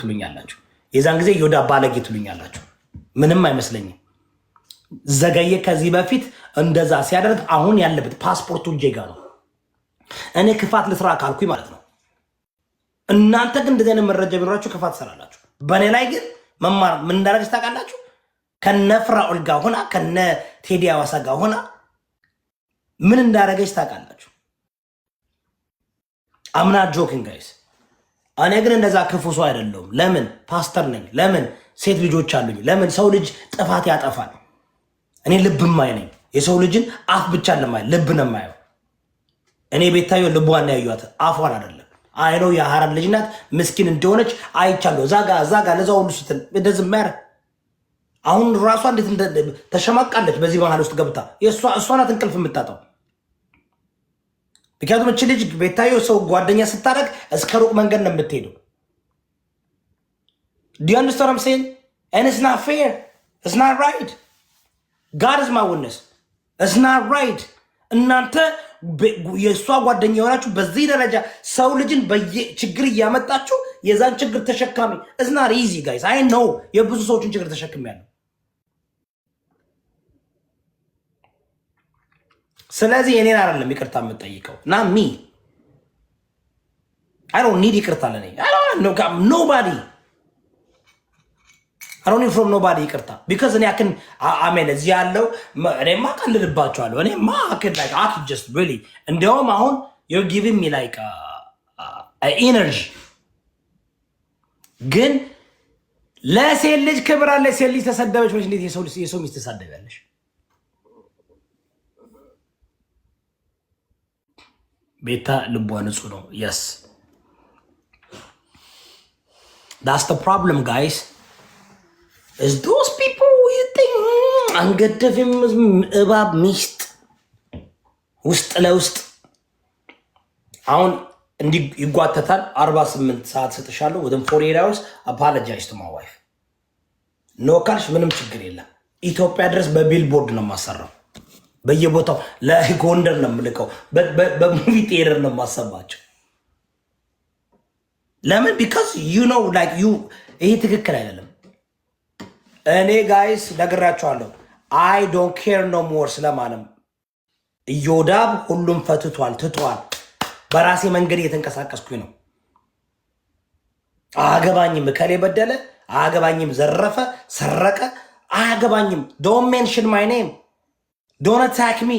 ትሉኛላችሁ። የዛን ጊዜ ዮዳ ባለጌ ትሉኛላችሁ። ምንም አይመስለኝም። ዘገየ ከዚህ በፊት እንደዛ ሲያደርግ አሁን ያለበት ፓስፖርቱ እጄ ጋ ነው። እኔ ክፋት ልስራ ካልኩኝ ማለት ነው። እናንተ ግን እንደዚህ አይነት መረጃ ቢኖራችሁ ክፋት ትሰራላችሁ። በእኔ ላይ ግን መማር ምን እንዳደረገች ታውቃላችሁ? ከነ ፍራኦል ጋር ሆና ከነ ቴዲ አዋሳ ጋር ሆና ምን እንዳደረገች ታውቃላችሁ? አምና ጆኪንግ ጋይስ እኔ ግን እንደዛ ክፉ ሰው አይደለሁም። ለምን ፓስተር ነኝ? ለምን ሴት ልጆች አሉኝ? ለምን ሰው ልጅ ጥፋት ያጠፋል? እኔ ልብ ማይ ነኝ። የሰው ልጅን አፍ ብቻ ለማየ ልብ ነው የማየው። እኔ ቤታየ ልቧን ያዩት አፏን አይደለም። አይኖ ነው ልጅናት ልጅ ናት፣ ምስኪን እንደሆነች አይቻለሁ። ዛጋ ዛጋ ለዛ ሁሉ ስትል እንደዚህ ማያር አሁን ራሷ እንዴት ተሸማቃለች። በዚህ ባህል ውስጥ ገብታ እሷ ናት እንቅልፍ የምታጣው። ምክንያቱም እች ልጅ ቤታዮ ሰው ጓደኛ ስታደርግ እስከ ሩቅ መንገድ ነው የምትሄደው። ዲአንስተራም ሴን ን ስና ፌር ስና ራይድ ጋድ ማውነስ ስና ራይድ እናንተ የእሷ ጓደኛ የሆናችሁ በዚህ ደረጃ ሰው ልጅን በችግር እያመጣችሁ የዛን ችግር ተሸካሚ እዝና ኢዚ ጋይስ አይ ነው የብዙ ሰዎችን ችግር ተሸክሚ ስለዚህ እኔን አይደለም ይቅርታ የምጠይቀው ና ሚ አይ ዶንት ኒድ ይቅርታ ለኔ ኖባዲ አሮኒ ፍሮም ኖባዲ ይቅርታ ቢካዝ እኔ አክን አሜን እዚህ ያለው እኔማ ቀልልባቸዋለሁ። እኔማ አክን ላይክ አክ ጀስት ሪሊ እንዲያውም አሁን ዩ ጊቪንግ ሚ ላይክ ኢነርጂ ግን ለሴት ልጅ ክብር አለ። ሴት ልጅ ተሰደበች ወይ እንዴት የሰው ሚስት ተሳደቢያለሽ? ቤታ ልቧ ንጹህ ነው። የስ ዳስ ፕሮብለም ጋይስ እስ ዶስ ፒፕል አንገደፍም እባብ ሚስጥ ውስጥ ለውስጥ አሁን እንዲህ ይጓተታል። 48 ሰዓት ሰጥሻለሁ። ወደም ፎር ኤሪያውስ አፓለጃይዝ ቱ ማይ ዋይፍ ኖ ካልሽ ምንም ችግር የለም። ኢትዮጵያ ድረስ በቢልቦርድ ነው የማሰራው። በየቦታው ለጎንደር ነው የምልቀው። በሙቪ ቴደር ነው የማሰማቸው። ለምን ቢካዝ ዩ ነው ላይክ ዩ ይሄ ትክክል አይደለም። እኔ ጋይስ ነግራቸዋለሁ። አይ ዶንት ኬር ኖ ሞር ስለማለም እዮዳብ ሁሉም ፈትቷል፣ ትቷል። በራሴ መንገድ እየተንቀሳቀስኩኝ ነው። አገባኝም እከሌ በደለ፣ አገባኝም ዘረፈ፣ ሰረቀ፣ አገባኝም ዶንት ሜንሽን ማይ ኔም ዶንት አታክ ሚ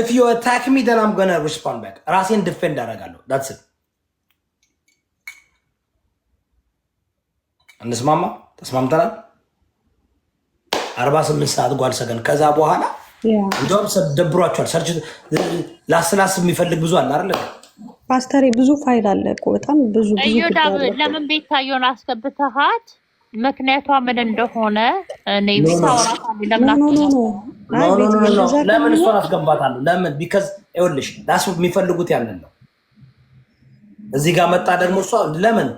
ኢፍ ዩ አታክ ሚ ደን አም ጎና ሪስፖንድ ባክ። ራሴን ዲፌንድ አደርጋለሁ። ዳትስ እንስማማ። ተስማምተናል። አርባ ስምንት ሰዓት ጓል ሰገን። ከዛ በኋላ እንዲሁም ደብሯቸዋል። ሰርች ላስላስ የሚፈልግ ብዙ አለ አለ ፓስተሬ፣ ብዙ ፋይል አለ እኮ በጣም ብዙ። ለምን ቤታየውን አስገብተሃት ምክንያቷ ምን እንደሆነ እኔ ለምን እሷን አስገንባታለሁ? ለምን ቢከዝ ይኸውልሽ ዳስ የሚፈልጉት ያንን ነው። እዚህ ጋር መጣ ደግሞ እሷ ለምን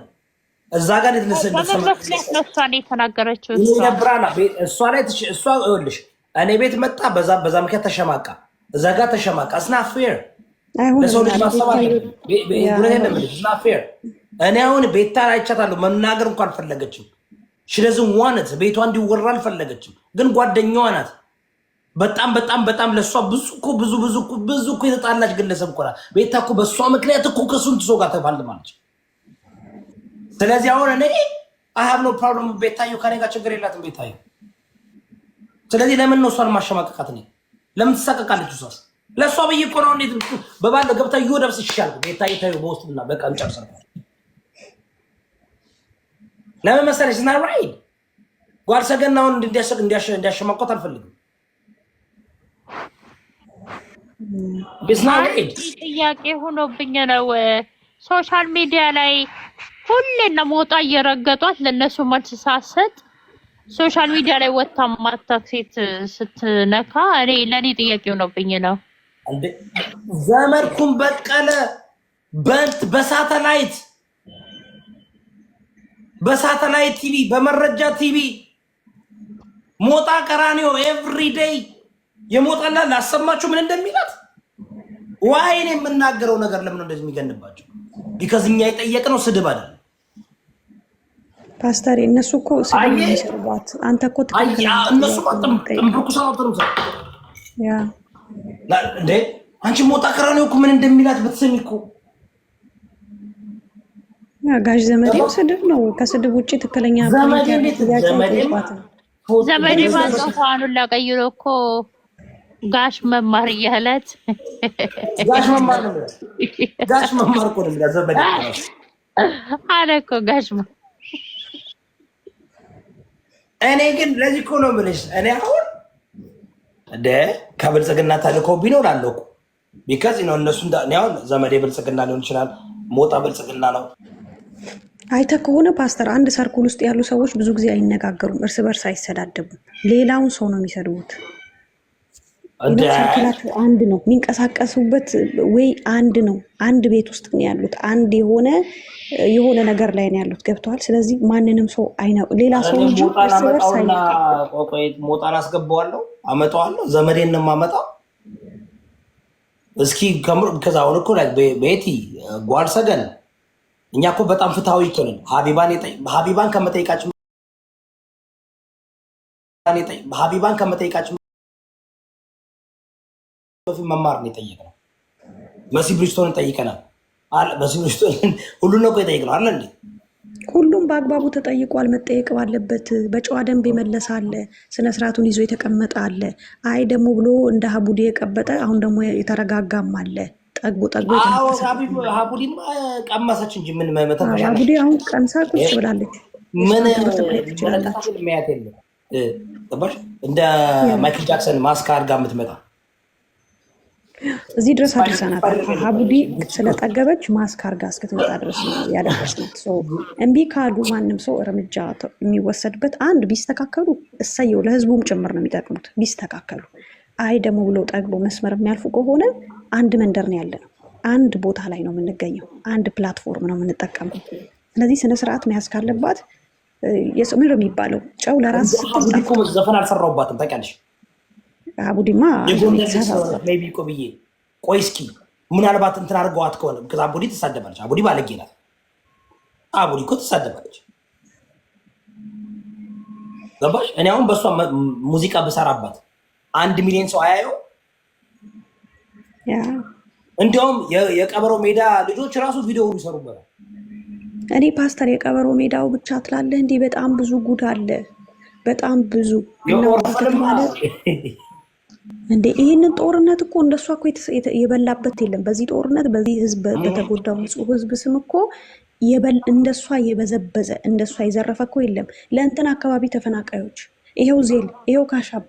እዛ ጋር ልትልስልስእሷን የተናገረችው ይደብራና እሷ ይኸውልሽ እኔ ቤት መጣ በዛ በዛ ምክንያት ተሸማቃ እዛ ጋር ተሸማቃ እስና ፌር ለሰው ልጅ ማሰባለ ጉነት ለምን እስና ፌር እኔ አሁን ቤታ ላይቻታለሁ መናገር እንኳን አልፈለገችም። ሽለዝን ዋነት ቤቷ እንዲወራ አልፈለገችም። ግን ጓደኛዋ ናት። በጣም በጣም በጣም ለእሷ ብዙ እኮ ብዙ ብዙ ብዙ እኮ የተጣላች ግለሰብ እኮ ናት። ቤታ እኮ በእሷ ምክንያት እኮ ከሱን ትሶ ጋር ተፋልማለች። ስለዚህ አሁን እኔ አሀብ ነው ፕሮብለም ቤታዩ ከኔ ጋር ችግር የላትም ቤታዩ። ስለዚህ ለምን ነው እሷን ማሸማቀቃት? እኔ ለምን ትሳቀቃለች? እሷስ ለእሷ ብዬ እኮ ነው። እንዴት በባለ ገብታ ዩ ደብስ ይሻል ቤታዩ ታዩ በውስጥ በቃ ጨርሰ ለምን መሰለሽ ዝና ራይድ ጓድ ሰገናውን እንዲያሸማቆት አልፈልግም። ጥያቄ ሆኖብኝ ነው። ሶሻል ሚዲያ ላይ ሁሌ ነሞጣ እየረገጧት ለእነሱ መልስ ሳሰጥ ሶሻል ሚዲያ ላይ ወታ ማታት ሴት ስትነካ እኔ ለእኔ ጥያቄ ሆኖብኝ ነው። ዘመድኩን በቀለ በንት በሳተላይት በሳተላይት ቲቪ፣ በመረጃ ቲቪ ሞጣ ቀራኒዮ ኤቭሪ ዴይ የሞጣላ ላሰማችሁ ምን እንደሚላት ዋይ እኔ የምናገረው ነገር ለምን እንደዚህ የሚገንባቸው? ቢካዝ እኛ የጠየቅነው ስድብ አይደለም። ፓስተር እነሱ እኮ ስድብ የሚሰሩባት አንተ እኮ እነሱ አንቺ ሞጣ ቀራኒዮ እኮ ምን እንደሚላት ብትሰሚ እኮ ጋሽ ዘመዴም ስድብ ነው። ከስድብ ውጭ ትክክለኛ ዘመዴ ማጽፋኑን ላቀይሮ እኮ ጋሽ መማር እያለት ጋሽ መማር ጋሽ መማር ነው ዘመዴ አለ እኮ ጋሽ ማ እኔ ግን ለዚህ እኮ ነው የምልሽ። እኔ አሁን እንደ ከብልጽግና ተልእኮ ቢኖር አለው እኮ ቢከዚ ነው እነሱ ሁን ዘመዴ ብልጽግና ሊሆን ይችላል። ሞጣ ብልጽግና ነው። አይተ ከሆነ ፓስተር አንድ ሰርኩል ውስጥ ያሉ ሰዎች ብዙ ጊዜ አይነጋገሩም፣ እርስ በርስ አይሰዳደቡም። ሌላውን ሰው ነው የሚሰድቡት። ሰርክላት አንድ ነው የሚንቀሳቀሱበት ወይ አንድ ነው። አንድ ቤት ውስጥ ነው ያሉት። አንድ የሆነ የሆነ ነገር ላይ ነው ያሉት። ገብተዋል። ስለዚህ ማንንም ሰው አይነው ሌላ ሰው ሞጣን አስገባዋለሁ፣ አመጣዋለሁ። ዘመዴን ነው የማመጣው። እስኪ ከዛ አሁን እኮ ቤቲ ጓድ ሰገን እኛ እኮ በጣም ፍትሐዊ እኮ ነን። ሀቢባን ከመጠይቃችን ሀቢባን ከመጠይቃችሁ በፊት መማር ነው የጠየቅነው። መሲ ብሪጅቶንን ጠይቀናል። መሲ ብሪጅቶንን ሁሉን ነው እኮ የጠየቅነው አለ እንዴ? ሁሉም በአግባቡ ተጠይቋል። መጠየቅ ባለበት በጨዋ ደንብ የመለሰ አለ፣ ስነስርዓቱን ይዞ የተቀመጠ አለ። አይ ደግሞ ብሎ እንደ ሀቡዴ የቀበጠ አሁን ደግሞ የተረጋጋም አለ። ጠግቦ ጠግቦ ቀመሰች እንጂ ምን መተንፈሻ አሁን ቀምሳ ቁጭ ብላለች። ምን የለም እንደ ማይክል ጃክሰን ማስክ አድርጋ የምትመጣ እዚህ ድረስ አድርሰናታል። ሀቡዲ ስለጠገበች ማስክ እስክትመጣ ድረስ ያደረስናት። እምቢ ካሉ ማንም ሰው እርምጃ የሚወሰድበት አንድ ቢስተካከሉ እሰየው፣ ለህዝቡም ጭምር ነው የሚጠቅሙት ቢስተካከሉ። አይ ደግሞ ብሎ ጠግቦ መስመር የሚያልፉ ከሆነ አንድ መንደር ነው ያለ ነው። አንድ ቦታ ላይ ነው የምንገኘው። አንድ ፕላትፎርም ነው የምንጠቀመው። ስለዚህ ስነ ስርዓት መያዝ ካለባት የሰው ምንድን ነው የሚባለው ጨው ለራስ ዘፈን አልሰራሁባትም ታውቂያለሽ። አቡዲማ ቆብዬ ቆይ እስኪ ምናልባት እንትን አድርገዋት ከሆነ ከዛ አቡዲ ትሳደባለች። አቡዲ ባለጌ ናት። አቡዲ እኮ ትሳደባለች። ገባሽ? እኔ አሁን በእሷ ሙዚቃ ብሰራባት አንድ ሚሊዮን ሰው አያየው እንዲያውም የቀበሮ ሜዳ ልጆች ራሱ ቪዲዮ ይሰሩበታል። እኔ ፓስተር የቀበሮ ሜዳው ብቻ ትላለህ እንዲህ በጣም ብዙ ጉድ አለ። በጣም ብዙ እንደ ይህንን ጦርነት እኮ እንደሷ እኮ የበላበት የለም። በዚህ ጦርነት በዚህ ህዝብ በተጎዳው ንጹህ ህዝብ ስም እኮ እንደሷ የበዘበዘ እንደሷ የዘረፈ እኮ የለም። ለእንትን አካባቢ ተፈናቃዮች ይሄው ዜል ይሄው ካሻብ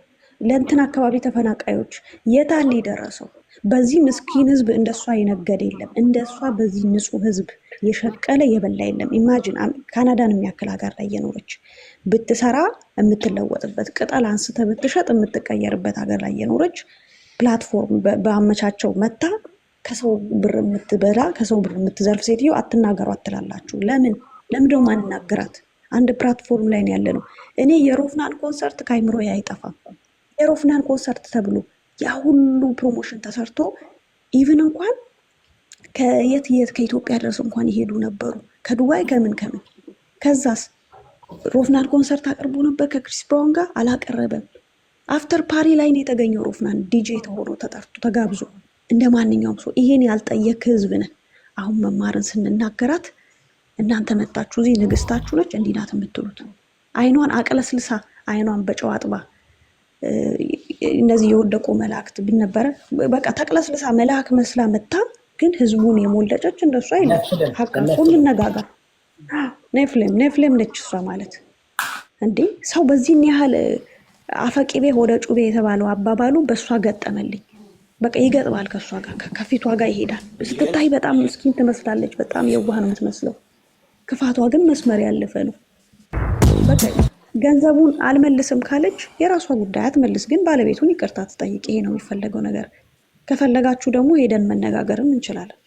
ለእንትን አካባቢ ተፈናቃዮች የታለ የደረሰው በዚህ ምስኪን ህዝብ እንደሷ የነገደ የለም። እንደሷ በዚህ ንጹህ ህዝብ የሸቀለ የበላ የለም። ኢማጂን ካናዳን የሚያክል ሀገር ላይ የኖረች ብትሰራ የምትለወጥበት ቅጠል አንስተ ብትሸጥ የምትቀየርበት ሀገር ላይ የኖረች ፕላትፎርም በአመቻቸው መታ ከሰው ብር የምትበላ ከሰው ብር የምትዘርፍ ሴትዮ አትናገሩ አትላላችሁ። ለምን ለምን ደግሞ አንናገራት? አንድ ፕላትፎርም ላይ ያለ ነው። እኔ የሮፍናን ኮንሰርት ከአይምሮ አይጠፋም። የሮፍናን ኮንሰርት ተብሎ ያ ሁሉ ፕሮሞሽን ተሰርቶ ኢቭን እንኳን ከየት የት ከኢትዮጵያ ድረስ እንኳን ይሄዱ ነበሩ። ከዱባይ ከምን ከምን ከዛስ ሮፍናን ኮንሰርት አቅርቦ ነበር ከክሪስ ብራውን ጋር አላቀረበም። አፍተር ፓሪ ላይ ነው የተገኘው። ሮፍናን ዲጄ ተሆኖ ተጠርቶ ተጋብዞ እንደ ማንኛውም ሰው ይሄን ያልጠየቅ ህዝብ ነን። አሁን መማርን ስንናገራት እናንተ መጣችሁ እዚህ ንግስታችሁ ነች እንዲናት የምትሉት አይኗን አቅለስልሳ አይኗን በጨው አጥባ እነዚህ የወደቁ መላእክት ነበረ። በቃ ተቅለስልሳ መልአክ መስላ መታ፣ ግን ህዝቡን የሞለጨች እንደሱ አይነት ሁሉ ነጋጋ ኔፍሌም ኔፍሌም ነች እሷ ማለት እንዴ! ሰው በዚህን ያህል አፈቂቤ ወደ ጩቤ የተባለው አባባሉ በእሷ ገጠመልኝ። በቃ ይገጥማል፣ ከእሷ ጋር ከፊቷ ጋር ይሄዳል። ስትታይ በጣም ምስኪን ትመስላለች። በጣም የዋህ ነው የምትመስለው። ክፋቷ ግን መስመር ያለፈ ነው። ገንዘቡን አልመልስም ካለች የራሷ ጉዳይ አትመልስ፣ ግን ባለቤቱን ይቅርታ ትጠይቅ። ይሄ ነው የሚፈለገው ነገር። ከፈለጋችሁ ደግሞ ሄደን መነጋገርም እንችላለን።